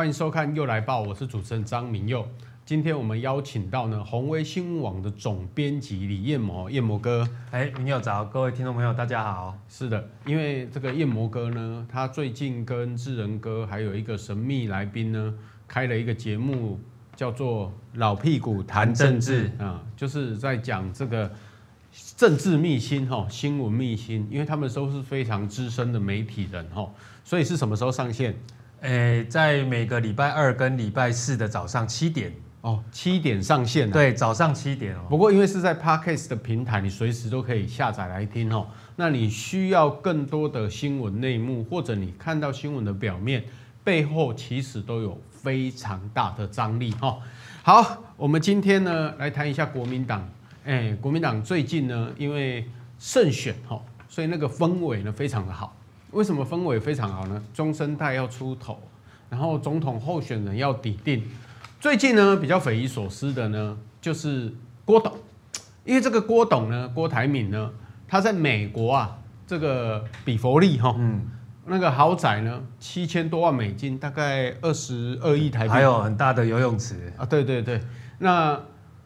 歡迎收看《祐來爆》，我是主持人張銘祐。今天我們邀請到呢紘威新聞網的總編輯李彥謀，彥謀哥。哎、欸，銘祐早，各位聽眾朋友，大家好。是的，因為這個彥謀哥呢，他最近跟智仁哥，還有一個神秘來賓呢，開了一個節目，叫做《老屁股談政治》啊、嗯，就是在講這個政治秘辛哈，新聞秘辛。因為他們都是非常資深的媒體人哈，所以是什麼時候上線？誒、欸，在每個禮拜二跟禮拜四的早上七點哦，七點上線、啊。對，早上七點哦。不過因為是在 Podcast 的平台，你隨時都可以下載來聽哦。那你需要更多的新聞內幕，或者你看到新聞的表面背後，其實都有非常大的張力哦。好，我們今天呢來談一下國民黨。誒、哎，國民黨最近呢因為勝選哈、哦，所以那個氛圍呢非常的好。為什麼氛圍非常好呢？中生代要出頭，然後總統候選人要底定。最近呢，比較匪夷所思的呢，就是郭董，因為這個郭董呢，郭台銘呢，他在美國啊，這個比佛利哈，那個豪宅呢，七千多萬美金，大概二十二億台幣，還有很大的游泳池啊，對對對。那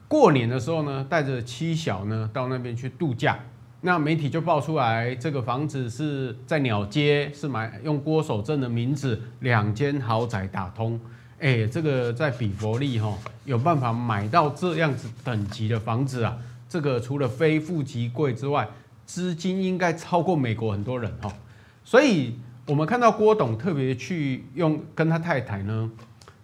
過年的時候呢，帶着妻小呢，到那邊去度假。那媒體就爆出來，這個房子是在鳥街，是買用郭守正的名字，兩間豪宅打通。誒，這個在比佛利哈、哦、有辦法買到這樣子等級的房子啊？這個除了非富即貴之外，資金應該超過美國很多人哈、哦。所以我們看到郭董特別去用跟他太太呢，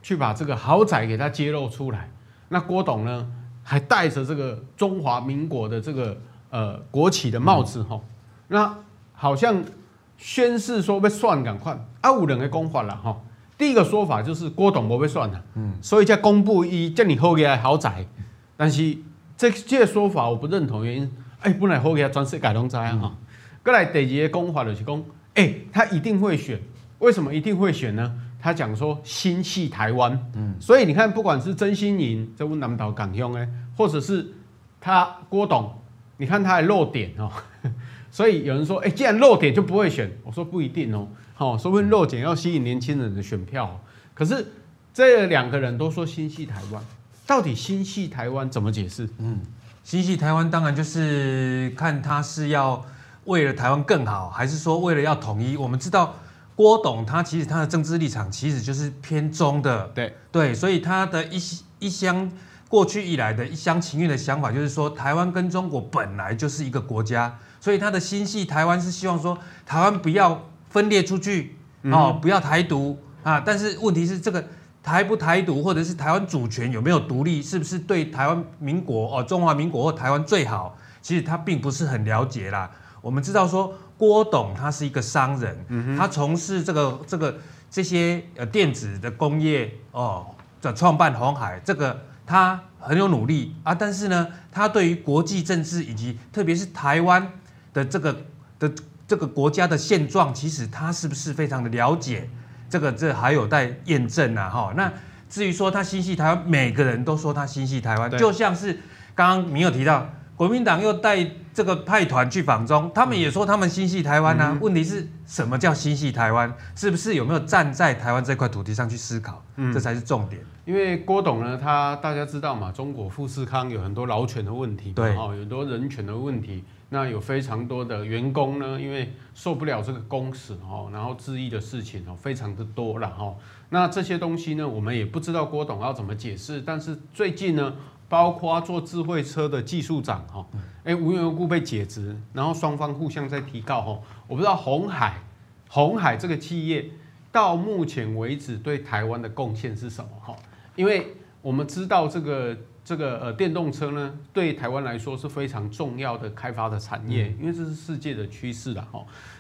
去把這個豪宅給他揭露出來。那郭董呢，還帶着這個中華民國的這個。呃，國企的帽子、嗯哦、那好像宣示說被算趕快，啊，有兩個說法了、哦、第一個說法就是郭董我被算了，嗯，所以才公布一這你好個豪宅，但是這這說法我不認同，原因哎、欸、本來好個全世界都知道啊，哈、嗯，過來第二個說法就是哎、欸，他一定會選，為什麼一定會選呢？他講說心繫台灣、嗯，所以你看不管是真心營在文南島港鄉或者是他郭董。你看他還漏點哦、喔，所以有人說、欸，既然漏點就不會選。我說不一定哦，哦，說不定漏點要吸引年輕人的選票。喔，可是這兩個人都說心繫台灣，到底心繫台灣怎麼解釋？嗯，心繫台灣當然就是看他是要為了台灣更好，還是說為了要統一。我們知道郭董他其實他的政治立場其實就是偏中的，對對，所以他的一一廂過去以來的一廂情願的想法，就是說台灣跟中國本來就是一個國家，所以他的心繫台灣是希望說台灣不要分裂出去，哦、嗯，不要台獨啊。但是問題是，這個台不台獨，或者是台灣主權有沒有獨立，是不是對台灣民國哦，中華民國或台灣最好？其實他並不是很了解啦。我們知道說郭董他是一個商人，他從事這個這個這些呃電子的工業哦，在創辦鴻海這個。他很有努力啊，但是呢，他對於國際政治以及特別是台灣的這個的這個國家的現狀，其實他是不是非常的了解，這個？這個這還有待驗證吶、啊，哈。那至於說他心繫台灣，每個人都說他心繫台灣，就像是剛剛你有提到。國民黨又帶這個派團去訪中，他們也說他們心繫台灣啊、嗯嗯。問題是什麼叫心繫台灣？是不是有沒有站在台灣這塊土地上去思考、嗯？這才是重點。因為郭董呢，他大家知道嘛，中國富士康有很多勞權的問題，對哦，有很多人權的問題。那有非常多的員工呢，因為受不了這個工時，哦，然後質疑的事情哦，非常的多然後。那這些東西呢，我們也不知道郭董要怎麼解釋。但是最近呢。包括做智慧車的技術長哈，無緣無故被解職，然後雙方互相在提告，我不知道鴻海鴻海這個企業到目前為止對台灣的貢獻是什麼哈，因為我們知道這個這個呃電動車呢，對台灣來說是非常重要的開發的產業，因為這是世界的趨勢，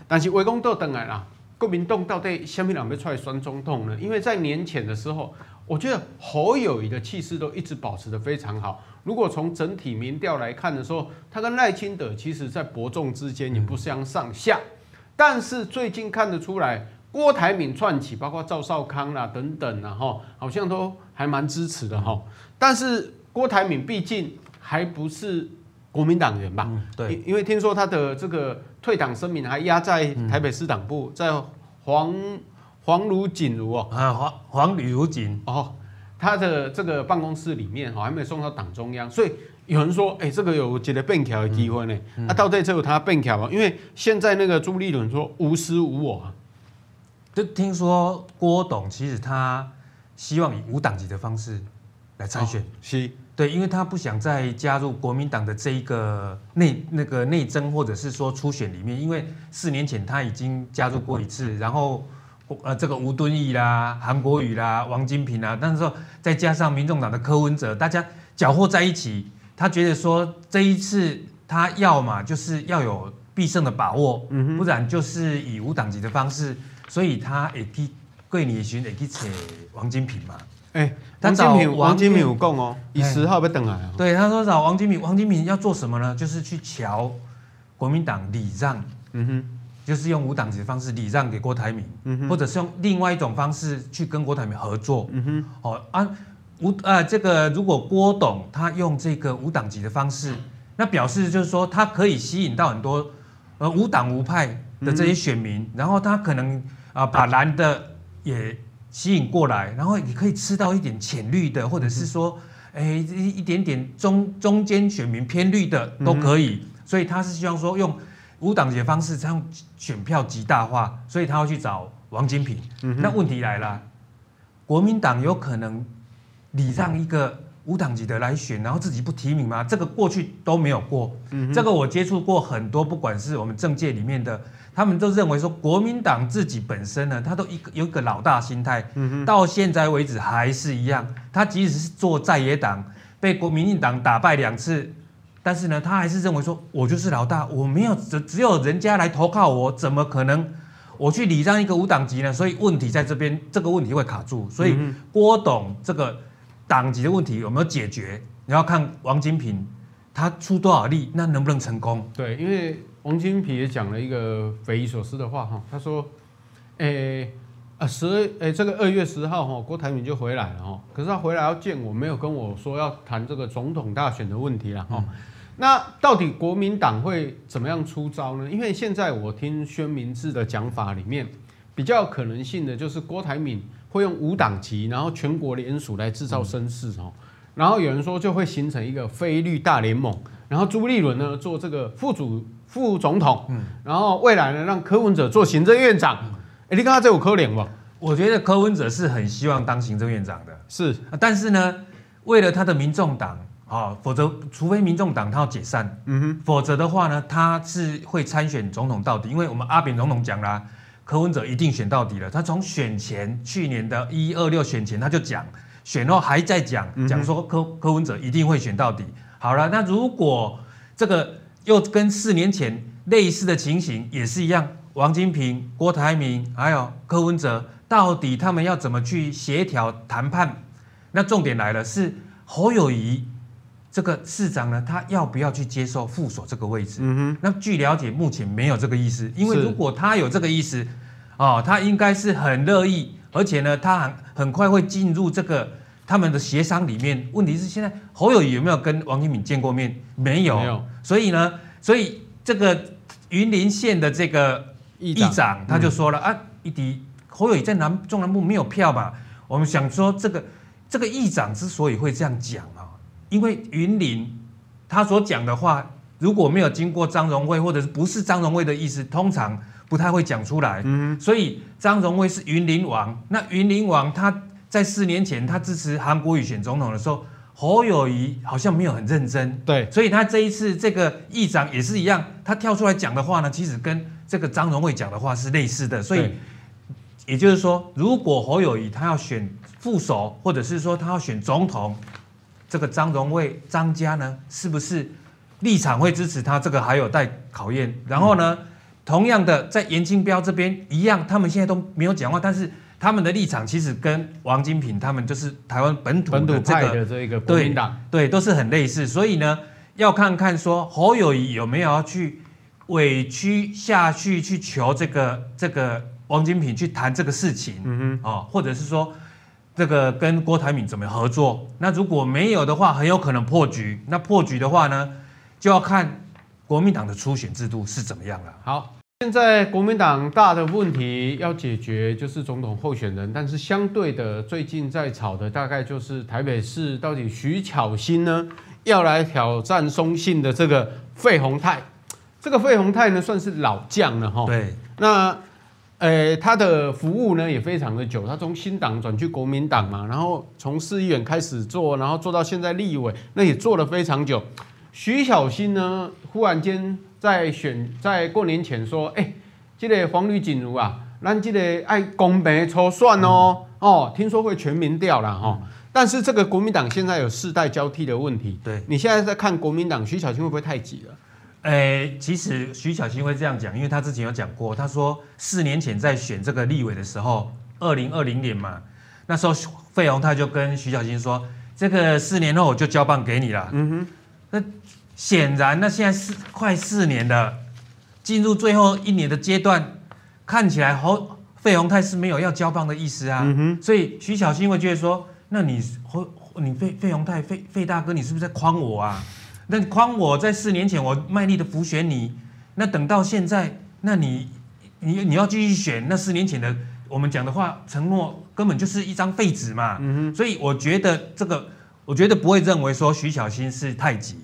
但是圍公都等來啦，國民黨到底先被兩位出來選總統呢，因為在年前的時候。我覺得侯友宜的氣勢都一直保持得非常好。如果從整體民調來看的時候，他跟賴清德其實在伯仲之間也不相上下。但是最近看得出來，郭台銘串起，包括趙少康啦、啊、等等啦哈，好像都還蠻支持的哈。但是郭台銘畢竟還不是國民黨員吧？對，因為聽說他的這個退黨聲明還壓在台北市黨部，在黃。黃如錦如哦，啊黃黃呂如錦哦，他的這個辦公室裡面哦還沒有送到黨中央，所以有人說，哎、欸，這個有覺個變調的機會呢？那、嗯嗯啊、到底有他變調嗎？因為現在那個朱立倫說無私無我、啊，就聽說郭董其實他希望以無黨籍的方式來參選、哦，是，對，因為他不想再加入國民黨的這一個內那個內爭，或者是說初選裡面，因為四年前他已經加入過一次，嗯、然後。呃，這個吳敦義啦、韓國瑜啦、嗯、王金平啦，但是說再加上民眾黨的柯文哲，大家攪和在一起，他覺得說，這一次他要嘛，就是要有必勝的把握，嗯、不然就是以無黨籍的方式，所以他也去，各位你也選，也去請王金平嘛。哎、欸，王金平，王，王金平有講哦，他十號要回來了啊。對，他說找王金平，王金平要做什麼呢？就是去喬國民黨禮讓，嗯哼。就是用無黨籍的方式禮讓給郭台銘、嗯，或者是用另外一種方式去跟郭台銘合作。哦、嗯，啊，無啊、呃，這個如果郭董他用這個無黨籍的方式、嗯，那表示就是說他可以吸引到很多呃無黨無派的這些選民，嗯、然後他可能啊、呃、把藍的也吸引過來，然後也可以吃到一點淺綠的，或者是說、嗯欸、一點點中中間選民偏綠的都可以。嗯、所以他是希望說用。無黨籍的方式，他用選票極大化，所以他要去找王金平。嗯、那問題來了，國民黨有可能禮讓一個無黨籍的來選、嗯，然後自己不提名嗎？這個過去都沒有過。嗯、這個我接觸過很多，不管是我們政界裡面的，他們都認為說國民黨自己本身呢，他都一個有一個老大心態、嗯。到現在為止還是一樣，他即使是做在野黨，被國民黨打敗兩次。但是呢，他還是認為說，我就是老大，我沒有只只有人家來投靠我，怎麼可能我去禮讓一個無黨籍呢？所以問題在這邊，這個問題會卡住。所以郭董這個黨籍的問題有沒有解決，你要看王金平他出多少力，那能不能成功？對，因為王金平也講了一個匪夷所思的話哈，他說，誒、欸、啊十二誒、欸、這個二月十號哈、喔，郭台銘就回來了哈、喔，可是他回來要見我沒有跟我說要談這個總統大選的問題了哈。嗯那到底國民黨會怎麼樣出招呢？因為現在我聽宣明智的講法裡面，比較有可能性的就是郭台銘會用無黨籍，然後全國聯署來制造聲勢哦。然後有人說就會形成一個非綠大聯盟，然後朱立倫呢做這個副主副總統、嗯，然後未來呢讓柯文哲做行政院長。欸、你看他這有柯臉不？我覺得柯文哲是很希望當行政院長的，是。但是呢，為了他的民眾黨。哦、否則除非民眾黨他要解散，嗯哼、否則的話呢，他是會參選總統到底，因為我們阿扁總統講啦，柯文哲一定選到底了。他從選前去年的一二六選前他就講，選後還在講，講說柯柯文哲一定會選到底。好了，那如果這個又跟四年前類似的情形也是一樣，王金平、郭台銘還有柯文哲，到底他們要怎麼去協調談判？那重點來了，是侯友宜。這個市長呢，他要不要去接受副手這個位置？嗯哼。那據了解，目前沒有這個意思，因為如果他有這個意思，哦，他應該是很樂意，而且呢，他很很快會進入這個他們的協商裡面。問題是現在侯友宜有沒有跟王金敏見過面？沒有，所以呢，所以這個雲林縣的這個議長他就說了啊，一迪，侯友宜在南中南部沒有票吧？我們想說，這個這個議長之所以會這樣講。因為雲林，他所講的話如果沒有經過張榮味，或者是不是張榮味的意思，通常不太會講出來。嗯，所以張榮味是雲林王。那雲林王他在四年前他支持韓國瑜選總統的時候，侯友宜好像沒有很認真。對，所以他這一次這個議長也是一樣，他跳出來講的話呢，其實跟這個張榮味講的話是類似的。所以也就是說，如果侯友宜他要選副手，或者是說他要選總統。這個張榮味張家呢，是不是立場會支持他？這個還有待考驗。然後呢，嗯、同樣的在顏清標這邊一樣，他們現在都沒有講話，但是他們的立場其實跟王金平他們就是台灣本土的這一個、這個、對國民黨，對，對，都是很類似。所以呢，要看看說侯友宜有沒有要去委屈下去去求這個這個王金平去談這個事情，嗯、哦、或者是說。這個跟郭台銘怎麼合作？那如果沒有的話，很有可能破局。那破局的話呢，就要看國民黨的初選制度是怎麼樣了。好，現在國民黨大的問題要解決就是總統候選人，但是相對的，最近在吵的大概就是台北市到底徐巧芯呢要來挑戰松信的這個費鴻泰。這個費鴻泰呢算是老將了哈。對，那。誒、欸，他的服務呢也非常的久，他從新黨轉去國民黨嘛，然後從市議員開始做，然後做到現在立委，那也做了非常久。徐巧芯呢，忽然間在選在過年前說，哎、欸，這個黃呂錦茹啊，讓這個愛公門抽算哦、嗯，哦，聽說會全民調了哈。但是這個國民黨現在有世代交替的問題，對，你現在在看國民黨，徐巧芯會不會太急了？誒、欸，其實徐巧芯會這樣講，因為他之前有講過，他說四年前在選這個立委的時候，二零二零年嘛，那時候費鴻泰就跟徐巧芯說，這個四年後我就交棒給你了。嗯哼，那顯然那現在是快四年了，進入最後一年的階段，看起來好。費鴻泰是沒有要交棒的意思啊。嗯所以徐巧芯會覺得說，那你你費費鴻泰費費大哥，你是不是在誆我啊？那框我在四年前，我賣力的輔選你，那等到現在，那你你你要繼續選，那四年前的我們講的話，承諾根本就是一張廢紙嘛。嗯哼。所以我覺得這個，我覺得不會認為說徐巧芯是太急，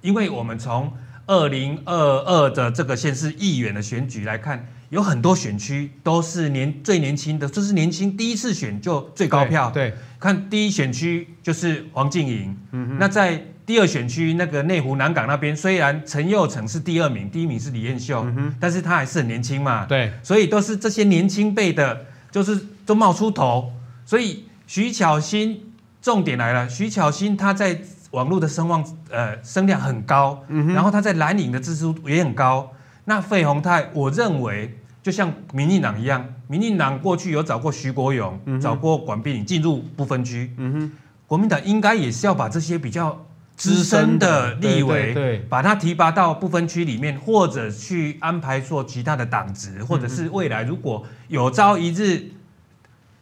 因為我們從二零二二的這個縣市議員的選舉來看，有很多選區都是年最年輕的，就是年輕第一次選就最高票。對，對看第一選區就是黃瀞瑩。嗯哼。那在第二選區那個內湖南港那邊，雖然陳佑成是第二名，第一名是李彥秀，嗯，但是他還是很年輕嘛，對，所以都是這些年輕輩的，就是都冒出頭。所以徐巧芯，重點來了，徐巧芯他在網絡的聲望，呃，聲量很高，嗯，然後他在藍領的支出也很高。那費鴻泰，我認為就像民進黨一樣，民進黨過去有找過徐國勇，嗯、找過管碧玲進入不分區，嗯，國民黨應該也是要把這些比較。資深的立委，把他提拔到不分區裡面，或者去安排做其他的黨職，或者是未來如果有朝一日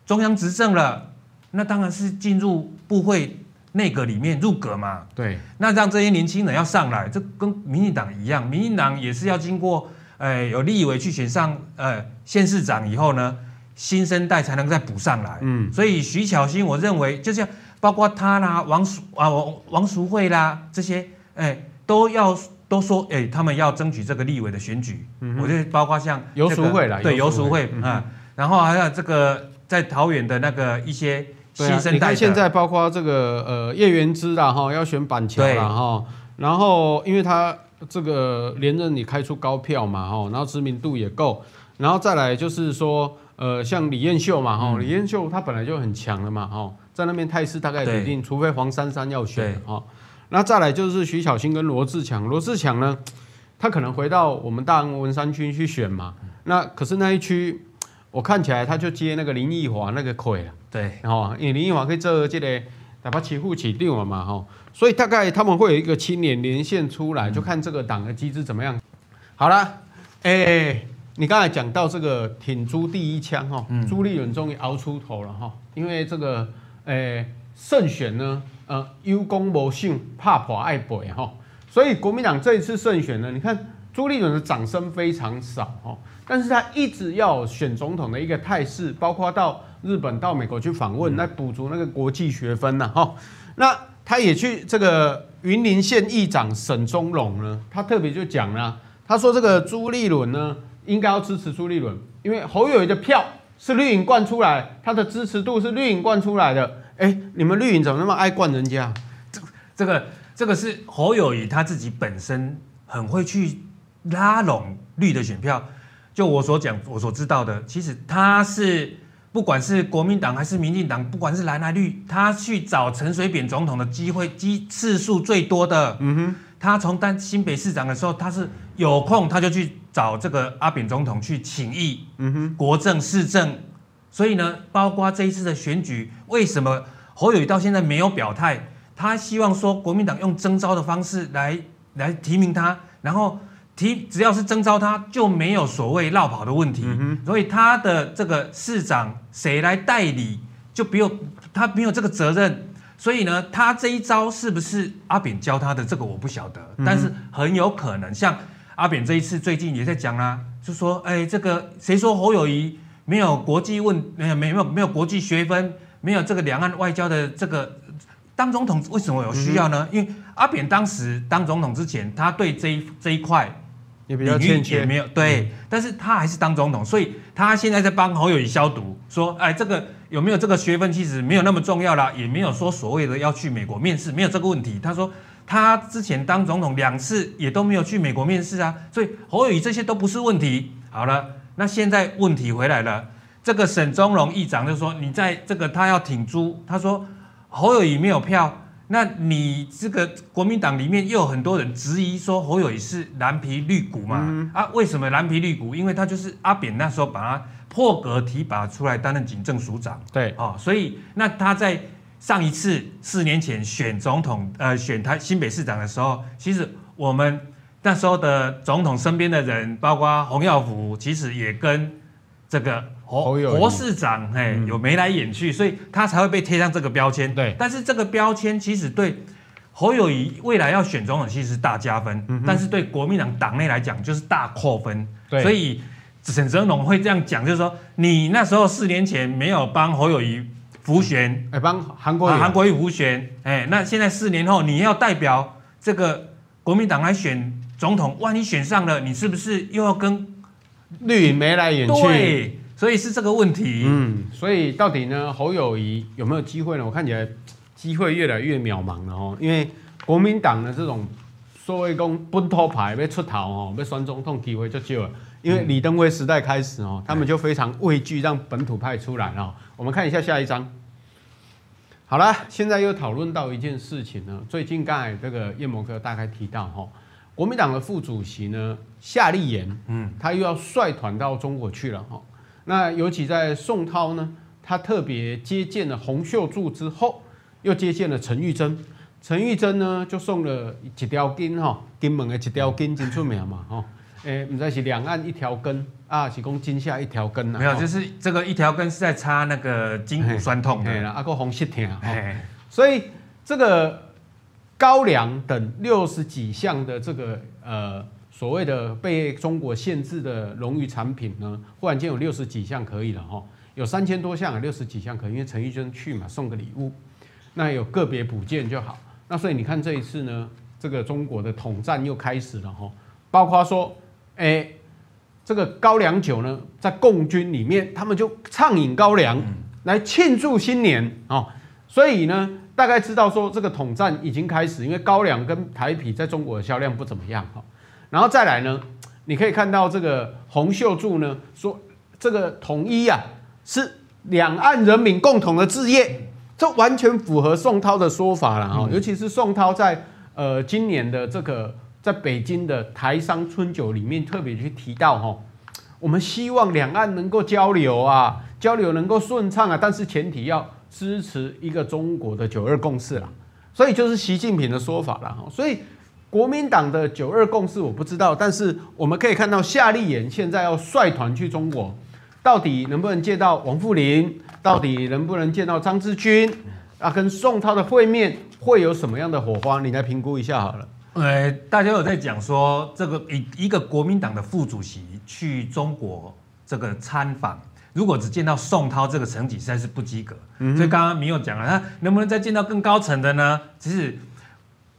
中央執政了，那當然是進入部會內閣裡面入閣嘛。對，那讓這些年輕人要上來，這跟民進黨一樣，民進黨也是要經過，呃，有立委去選上，呃，縣市長以後呢，新生代才能再補上來。嗯，所以徐巧芯，我認為就像。包括他啦，王淑啊，王王淑慧啦，這些、欸、都要都說、欸、他們要爭取這個立委的選舉。我、嗯、就包括像游、這個、淑慧啦，對游淑慧、嗯嗯，然後還有這個在桃園的那個一些新生代。對、啊、你看現在包括這個呃葉元之啦哈，要選板橋啦，哈，然後因為他這個連任你開出高票嘛哈，然後知名度也夠，然後再來就是說呃像李彥秀嘛哈，李彥秀她本來就很強了嘛哈。在那邊態勢大概已一定，除非黃珊珊要選啊、哦。那再來就是徐巧芯跟羅智強，羅智強呢，他可能回到我們大安文山區去選嘛、嗯。那可是那一區，我看起來他就接那個林奕華那個腿了。對，然、哦、後因為林奕華可以做這個打把旗戶起定了嘛，哈、哦。所以大概他們會有一個青年連線出來，就看這個黨的機制怎麼樣。嗯、好了，哎、欸欸，你剛才講到這個挺朱第一槍，哈，朱立倫終於熬出頭了，哈，因為這個。誒、欸，勝選呢？呃，有功無賞，拍破愛賠哈。所以國民黨這一次勝選呢，你看朱立倫的掌聲非常少哦。但是他一直要選總統的一個態勢，包括到日本、到美國去訪問，來、嗯、補足那個國際學分吶、啊。哈，那他也去這個雲林縣議長沈宗隆呢，他特別就講了，他說這個朱立倫呢，應該要支持朱立倫，因為侯友宜的票。是綠營灌出來，他的支持度是綠營灌出來的。哎，你們綠營怎麼那麼愛灌人家？這個、這個、這個是侯友宜他自己本身很會去拉攏綠的選票。就我所講，我所知道的，其實他是。不管是國民黨還是民進黨，不管是藍還是綠，他去找陳水扁總統的機會，機次數最多的。嗯哼，他從當新北市長的時候，他是有空他就去找這個阿扁總統去請益，嗯哼，國政市政。所以呢，包括這一次的選舉，為什麼侯友宜到現在沒有表態？他希望說國民黨用徵召的方式來來提名他，然後。提只要是徵召他，就沒有所謂落跑的問題，所以他的這個市長誰來代理就不用，他沒有這個責任。所以呢，他這一招是不是阿扁教他的？這個我不曉得，但是很有可能像，阿扁這一次最近也在講啦，就說哎，這個誰說侯友宜沒有國際問，沒有沒有沒有國際學分，沒有這個兩岸外交的這個當總統為什麼有需要呢？因為阿扁當時當總統之前，他對這一這一塊。領域也沒有對、嗯，但是他還是當總統，所以他現在在幫侯友宜消毒，說哎，這個有沒有這個學分，其實沒有那麼重要啦，也沒有說所謂的要去美國面試，沒有這個問題。他說他之前當總統兩次也都沒有去美國面試啊，所以侯友宜這些都不是問題。好了，那現在問題回來了，這個沈宗榮議長就說你在這個他要挺朱，他說侯友宜沒有票。那你這個國民黨裡面又有很多人質疑說侯友宜是藍皮綠骨嘛、嗯？啊，為什麼藍皮綠骨？因為他就是阿扁那時候把他破格提拔出來擔任警政署長。對，啊、哦，所以那他在上一次四年前選總統，呃，選他新北市長的時候，其實我們那時候的總統身邊的人，包括洪耀福，其實也跟這個。侯侯市長，哎、欸嗯，有眉來眼去，所以他才會被貼上這個標籤。對，但是這個標籤其實對侯友宜未來要選總統其實是大加分，嗯、但是對國民黨黨內來講就是大扣分。所以沈哲龍會這樣講，就是說你那時候四年前沒有幫侯友宜輔選，哎、欸，幫韓國瑜，韓、啊、國瑜輔選，哎、欸，那現在四年後你要代表這個國民黨來選總統，萬一選上了，你是不是又要跟綠眉來眼去？對所以是這個問題，嗯，所以到底呢，侯友宜有沒有機會呢？我看起來機會越來越渺茫了哦、喔，因為國民黨的這種所謂講本土派被出頭哦、喔，被選總統機會就少了，因為李登輝時代開始哦、喔，他們就非常畏懼讓本土派出來了、喔。我們看一下下一張。好了，現在又討論到一件事情呢，最近剛才這個彥謀哥大概提到哈、喔，國民黨的副主席呢夏立言，嗯，他又要率團到中國去了哈、喔。那尤其在宋濤呢，他特別接見了洪秀柱之後，又接見了陳玉珍。陳玉珍呢，就送了一條根、喔。哈，金門的一條根真出名嘛，哈、欸，誒，不知道是兩岸一條根啊，是講金廈一條根啊。沒有，就是這個一條根是在擦那個筋骨酸痛的。還有風濕痛啊。所以這個高粱等六十幾項的這個呃。所謂的被中國限制的榮譽產品呢，忽然間有六十幾項可以了哈，有三千多項，六十幾項可以，因為陳玉珍去嘛送個禮物，那有個別補件就好。那所以你看這一次呢，這個中國的統戰又開始了哈，包括說，哎、欸，這個高粱酒呢，在共軍裡面他們就暢飲高粱來慶祝新年啊。所以呢，大概知道說這個統戰已經開始，因為高粱跟台啤在中國的銷量不怎麼樣哈。然後再來呢，你可以看到這個洪秀柱呢說，這個統一啊是兩岸人民共同的事業，這完全符合宋濤的說法了，嗯、尤其是宋濤在呃今年的這個在北京的台商春酒裡面特別去提到哈，哦，我們希望兩岸能夠交流啊，交流能夠順暢啊，但是前提要支持一個中國的九二共識了，所以就是習近平的說法了哈，所以。國民黨的九二共識我不知道，但是我們可以看到夏立言現在要率團去中國，到底能不能見到王富林？到底能不能見到張志軍？啊，跟宋濤的會面會有什麼樣的火花？你來評估一下好了。哎，大家有在講說，這個一一個國民黨的副主席去中國這個參訪，如果只見到宋濤這個層級實在是不及格、嗯。所以剛剛銘祐講了，他、啊、能不能再見到更高層的呢？其實。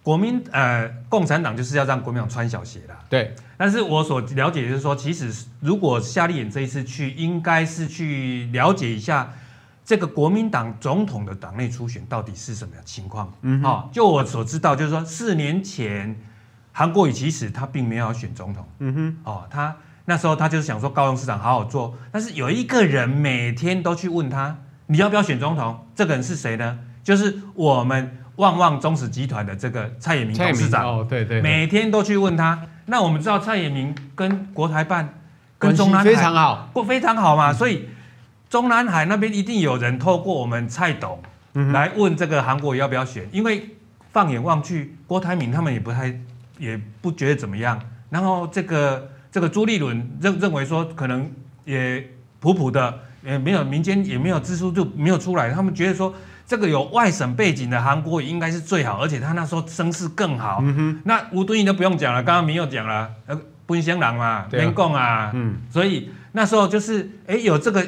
國民呃，共產黨就是要讓國民黨穿小鞋的。對，但是我所了解，就是說，其實如果夏立言這一次去，應該是去了解一下這個國民黨總統的黨內初選到底是什麼情況。嗯哦，就我所知道，就是說四年前韓國瑜其實他並沒有要選總統。嗯哼，哦，他那時候他就是想說高雄市長好好做，但是有一個人每天都去問他你要不要選總統，這個人是誰呢？就是我們。旺旺中時集團的這個蔡衍明董事長，哦、對對對，每天都去問他。那我們知道蔡衍明跟國台辦跟中南海關係非常好，不非常好嘛，嗯？所以中南海那邊一定有人透過我們蔡董來問這個韓國要不要選，嗯、因為放眼望去，郭台銘他們也不太，也不覺得怎麼樣。然後這個這個朱立倫認認，認為說，可能也普普的，呃，沒有民間也沒有支出，就沒有出來。他們覺得說。這個有外省背景的韓國瑜應該是最好，而且他那時候聲勢更好。嗯、那吳敦義都不用講了，剛剛沒有講了，呃、啊，奔香郎嘛，聯共啊、嗯，所以那時候就是，哎、欸，有這個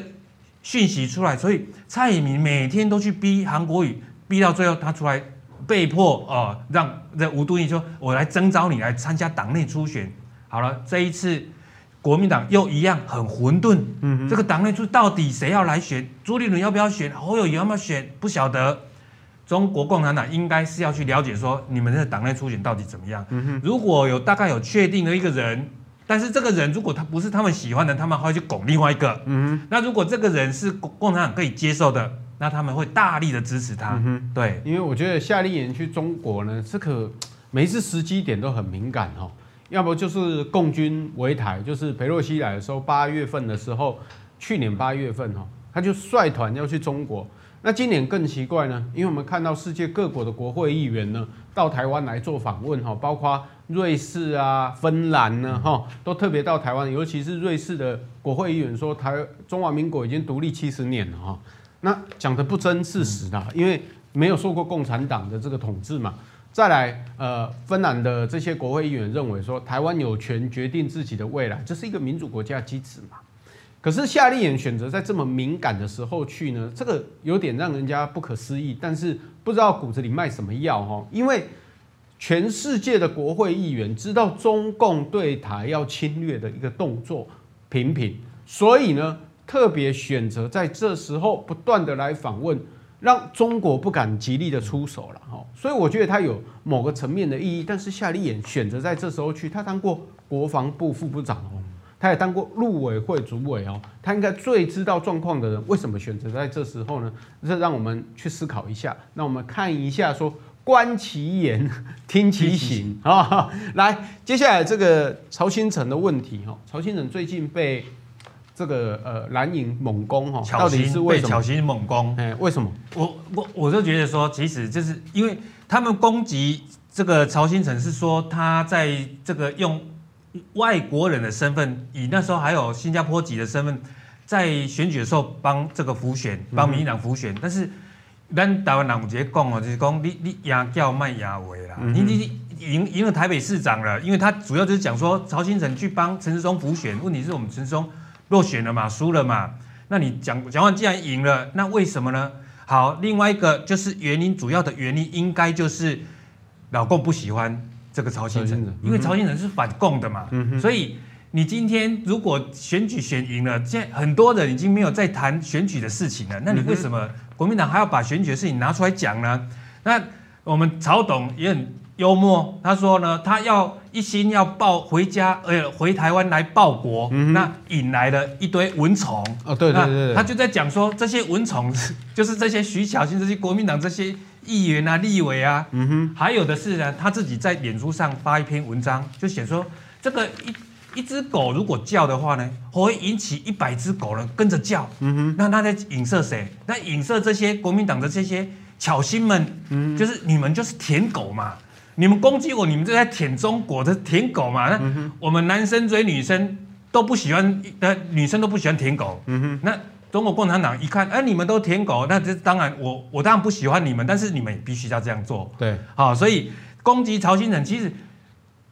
訊息出來，所以蔡衍明每天都去逼韓國瑜，逼到最後他出來被迫哦、呃，讓這吳敦義說，我來徵召你來參加黨內初選，好了，這一次。國民黨又一樣很混沌，嗯、這個黨內初到底誰要來選？朱立倫要不要選？侯友宜要不要選？不曉得。中國共產黨應該是要去了解說，你們的黨內初選到底怎麼樣？嗯、如果有大概有確定的一個人，但是這個人如果他不是他們喜歡的，他們會去拱另外一個、嗯。那如果這個人是共產黨可以接受的，那他們會大力的支持他。嗯、對，因為我覺得夏立言去中國呢，這可每一次時機點都很敏感哦。要不就是共軍圍台，就是裴洛西來的時候，八月份的時候，去年八月份哈，他就率團要去中國。那今年更奇怪呢，因為我們看到世界各國的國會議員呢，到台灣來做訪問哈，包括瑞士啊、芬蘭呢哈，都特別到台灣，尤其是瑞士的國會議員說，台中華民國已經獨立七十年了哈，那講的不爭事實啦，因為沒有受過共產黨的這個統治嘛。再來，呃，芬蘭的這些國會議員認為說，台灣有權決定自己的未來，這是一個民主國家機制嘛。可是夏立言選擇在這麼敏感的時候去呢，這個有點讓人家不可思議。但是不知道骨子裡賣什麼藥哦。因為全世界的國會議員知道中共對台要侵略的一個動作頻頻，所以呢，特別選擇在這時候不斷的來訪問。讓中國不敢極力的出手了哈，所以我覺得他有某個層面的意義，但是夏立言選擇在這時候去，他當過國防部副部長哦，他也當過陸委會主委哦，他應該最知道狀況的人，為什麼選擇在這時候呢？這讓我們去思考一下。那我們看一下，說觀其言，聽其行啊。來，接下來這個曹興誠的問題哈，曹興誠最近被。這個呃藍營猛攻哈，到底是為什麼？被巧芯猛攻，哎、欸，為什麼？我我我就覺得說，其實就是因為他們攻擊這個曹興誠，是說他在這個用外國人的身份，以那時候還有新加坡籍的身份，在選舉的時候幫這個輔選，幫、嗯、民進黨輔選。但是咱台灣黨姐講哦，就是講你你亞教賣亞維啦，你贏贏、嗯、你贏贏了台北市長了，因為他主要就是講說曹興誠去幫陳時中輔選，問題是我們陳時中。落選了嘛，輸了嘛？那你講講完，既然贏了，那為什麼呢？好，另外一個就是原因，主要的原因應該就是老共不喜歡這個曹興誠、嗯，因為曹興誠是反共的嘛、嗯。所以你今天如果選舉選贏了，現在很多人已經沒有在談選舉的事情了。那你為什麼國民黨還要把選舉的事情拿出來講呢？那我們曹董也很幽默，他說呢，他要。一心要報回家，哎、呃、回台灣來報國、嗯，那引來了一堆蚊蟲哦。對對對，對，他就在講說這些蚊蟲，就是這些徐巧芯這些國民黨這些議員啊、立委啊。嗯哼，還有的是呢，他自己在臉書上發一篇文章，就寫說這個一一只狗如果叫的話呢，會引起一百只狗呢跟着叫。嗯哼，那他在影射誰？那影射這些國民黨的這些巧芯們、嗯，就是你們就是舔狗嘛。你們攻擊我，你們就在舔中國的舔狗嘛？那我們男生追女生都不喜歡的，呃，女生都不喜歡舔狗。嗯，那中國共產黨一看，哎，呃，你們都舔狗，那這當然我，我我當然不喜歡你們，但是你們也必須要這樣做。對，好，所以攻擊朝鮮人，其實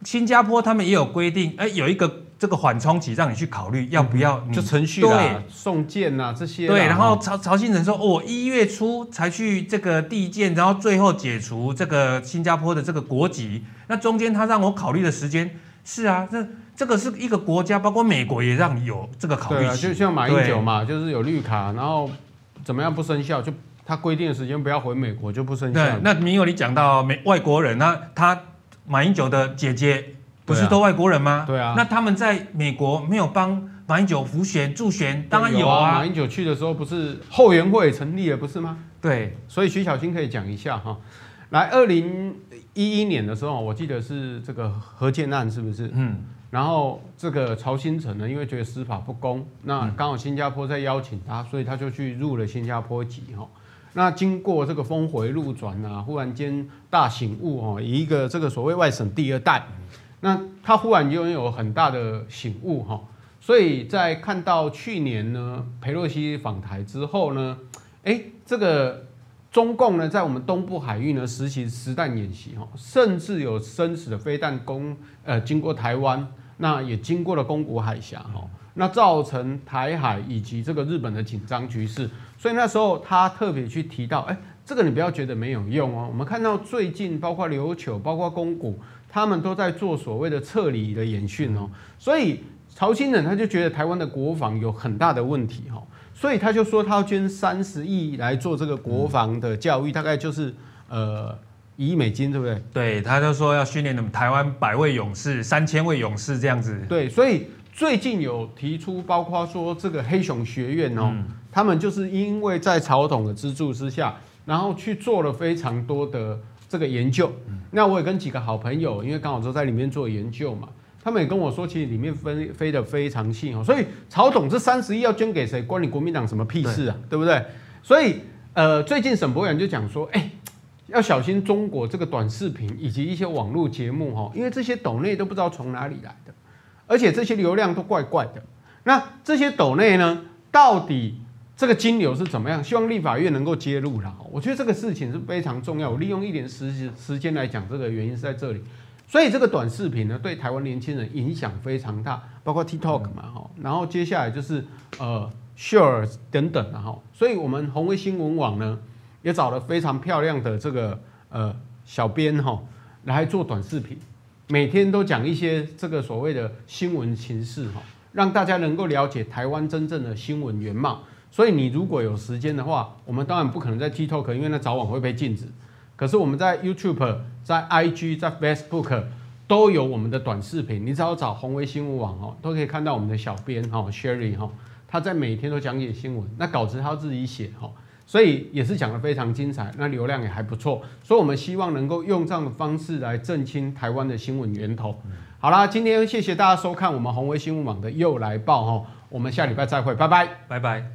新加坡他們也有規定，哎、呃，有一個。這個緩衝期讓你去考慮要不要你就程序了，送件啊這些。對，然後曹曹興誠說，我、哦、一月初才去這個遞件，然後最後解除這個新加坡的這個國籍，那中間他讓我考慮的時間是啊，這這個是一個國家，包括美國也讓你有這個考慮期、對啊、就像馬英九嘛，就是有綠卡，然後怎麼樣不生效，就他規定的時間不要回美國就不生效。對，那銘祐你講到美外國人，那他,他馬英九的姐姐。不是都外國人嗎？對啊，啊、那他們在美國沒有幫馬英九輔選、助選，當然有啊，有啊。馬英九去的時候，不是後援會成立了不是嗎？對，所以徐小清可以講一下哈。來，二零一一年的時候，我記得是這個和艦案是不是？嗯，然後這個曹興誠呢，因為覺得司法不公，那剛好新加坡在邀請他，所以他就去入了新加坡籍哈。那經過這個峰迴路轉啊，忽然間大醒悟以一個這個所謂外省第二代。那他忽然擁有很大的醒悟哈、喔，所以在看到去年呢，裴洛西訪台之後呢，哎，這個中共呢在我們東部海域呢實行實彈演習哈，甚至有生死的飛彈攻，呃，經過台灣，那也經過了宮古海峽哈，那造成台海以及這個日本的緊張局勢，所以那時候他特別去提到，哎，這個你不要覺得沒有用哦、喔，我們看到最近包括琉球，包括宮古。他們都在做所謂的撤離的演訓哦，所以曹清人他就覺得台灣的國防有很大的問題哦，所以他就說他要捐三十億來做這個國防的教育，大概就是呃一億美金，對不對？對，他就說要訓練台灣百位勇士、三千位勇士這樣子。對，所以最近有提出，包括說這個黑熊學院哦、嗯，他們就是因為在曹董的資助之下，然後去做了非常多的這個研究，那我也跟幾個好朋友，因為剛好都在裡面做研究嘛，他們也跟我說，其實裡面分飛得非常細哦。所以曹董這三十億要捐給誰，關你國民黨什麼屁事啊，對，對不對？所以呃，最近沈伯洋就講說，哎、欸，要小心中國這個短視頻以及一些網絡節目哈，因為這些抖內都不知道從哪裡來的，而且這些流量都怪怪的。那這些抖內呢，到底？這個金流是怎麼樣？希望立法院能夠揭露啦。我覺得這個事情，是非常重要。我利用一點時時間來講這個原因是在這裡，所以這個短視頻呢，對台灣年輕人影響非常大，包括 TikTok 嘛哈，然後接下來就是呃 Shorts 等等哈。所以我們紘威新聞網呢，也找了非常漂亮的這個呃小編哈、哦，來做短視頻，每天都講一些這個所謂的新聞情勢哈，讓大家能夠了解台灣真正的新聞原貌。所以你如果有時間的話，我們當然不可能在 TikTok，因為那早晚會被禁止。可是我們在 YouTube、在 IG、在 Facebook 都有我們的短視頻。你只要找紘威新聞網哦，都可以看到我們的小編哈 Sherry 哈，他在每天都講解新聞，那稿子他自己寫哈，所以也是講得非常精彩，那流量也還不錯。所以我們希望能夠用這樣的方式來澄清台灣的新聞源頭，嗯。好啦，今天謝謝大家收看我們紘威新聞網的祐來爆哦，我們下禮拜再會，拜拜，拜拜。